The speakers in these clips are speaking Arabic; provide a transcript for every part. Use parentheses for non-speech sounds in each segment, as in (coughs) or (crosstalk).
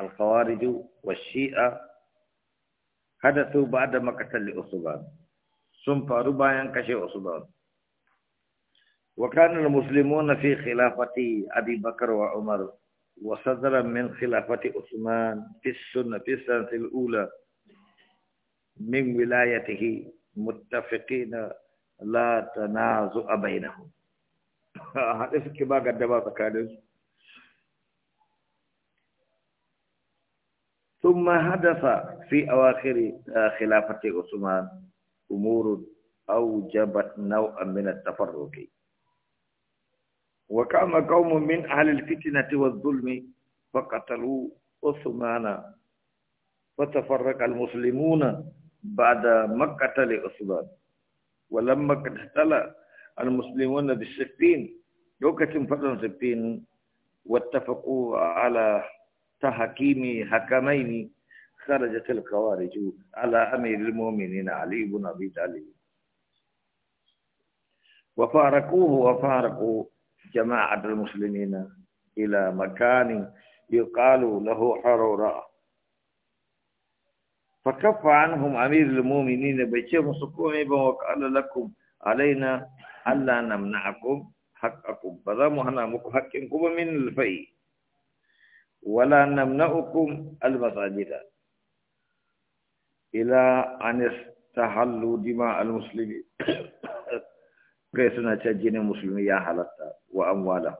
الخوارج والشيعة حدثوا بعد مقتل أصبان ثم ربا ينكشي أصبان وكان المسلمون في خلافة أبي بكر وعمر وصدرا من خلافة عثمان في السنة في السنة الأولى من ولايته متفقين لا تنازع بينهم هذا في كبار قدما ثم حدث في أواخر آه، خلافة عثمان أمور أوجبت نوعا من التفرق وقام قوم من أهل الفتنة والظلم فقتلوا عثمان فتفرق المسلمون بعد مكة لعثمان ولما اقتتل المسلمون بالسفين لوكة فضل سفين واتفقوا على تحكيمي حكمين خرجت الخوارج على أمير المؤمنين علي بن أبي طالب وفارقوه وفارقوا جماعة المسلمين إلى مكان يقال له حروراء فكف عنهم أمير المؤمنين بشيء سكومي وقال لكم علينا ألا نمنعكم حقكم فذا مهنا مكحكمكم من الفيل ولا نمنعكم المساجد إلى أن استحلوا دماء المسلمين (coughs) كيسنا تجين المسلمين يا حلتا وأموالهم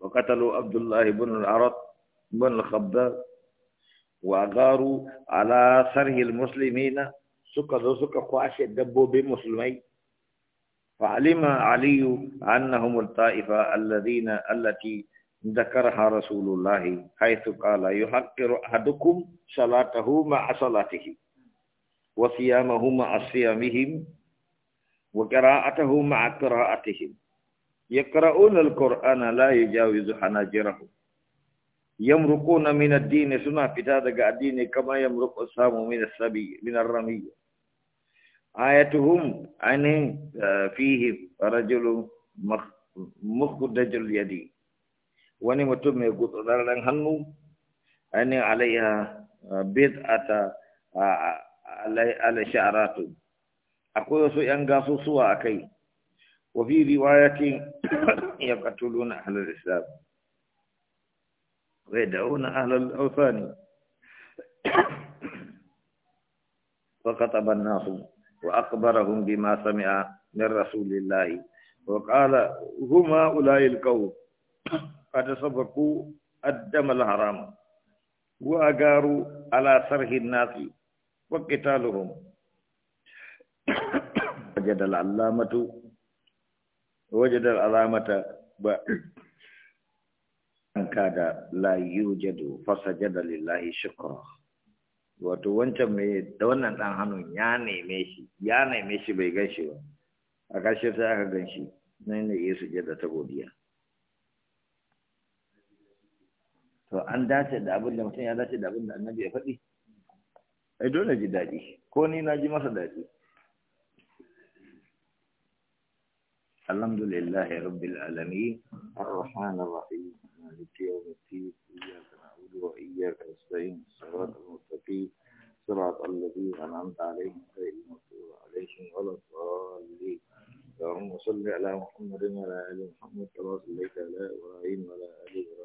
وقتلوا عبد الله بن العرط بن الخباب وأغاروا على سره المسلمين سكة سكة قواش الدبو بمسلمين فعلم علي أنهم الطائفة الذين التي ذكرها رسول الله حيث قال يحقر أحدكم صلاته مع صلاته وصيامه مع صيامهم وقراءته مع قراءتهم يقرؤون القرآن لا يجاوز حناجرهم يمرقون من الدين سنة فتادة الدين كما يمرق السام من السبي من الرمي آيتهم أن آه، فيه رجل مخدج اليدين wani mutum mai gutsurarren hannu ani alaiha bid'ata ala sha'aratu akwai wasu yan gasusuwa akai wa fi riwayatin yaqtuluna ahlul islam wa yad'una ahlul awthani wa kataba an-nasu wa akhbarahum bima sami'a min rasulillahi wa qala huma ulai al-qawm agaru ala الدم nasi wa على سره الناس وقتالهم وجد العلامة وجد العلامة an kada la yujadu fasajada lillahi shukra wato wancan mai da wannan dan hannun ya neme shi ya neme shi bai ganshi ba a ƙarshe sai aka ganshi nan ne yesu jada ta godiya to an dace da abin da mutum ya dace da abin da annabi ya faɗi ai dole ji daɗi ko ni na ji masa daɗi alhamdulillahi rabbil alamin arrahmanir rahim maliki مالك يوم الدين إياك نعبد وإياك نستعين صراط المستقيم صراط الذين أنعمت عليهم غير المغضوب عليهم ولا الضالين اللهم صل على محمد وعلى آل محمد كما صليت على إبراهيم وعلى آل إبراهيم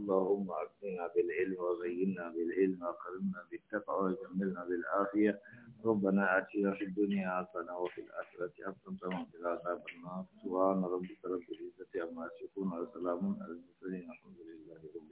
اللهم أكفنا بالعلم وزينا بالعلم وأكرمنا بالتقوى وجملنا بالعافية ربنا آتنا في الدنيا حسنة وفي الآخرة حسنة وقنا العذاب النار سبحان ربك رب العزة عما يصفون وسلام على المرسلين الحمد لله رب العالمين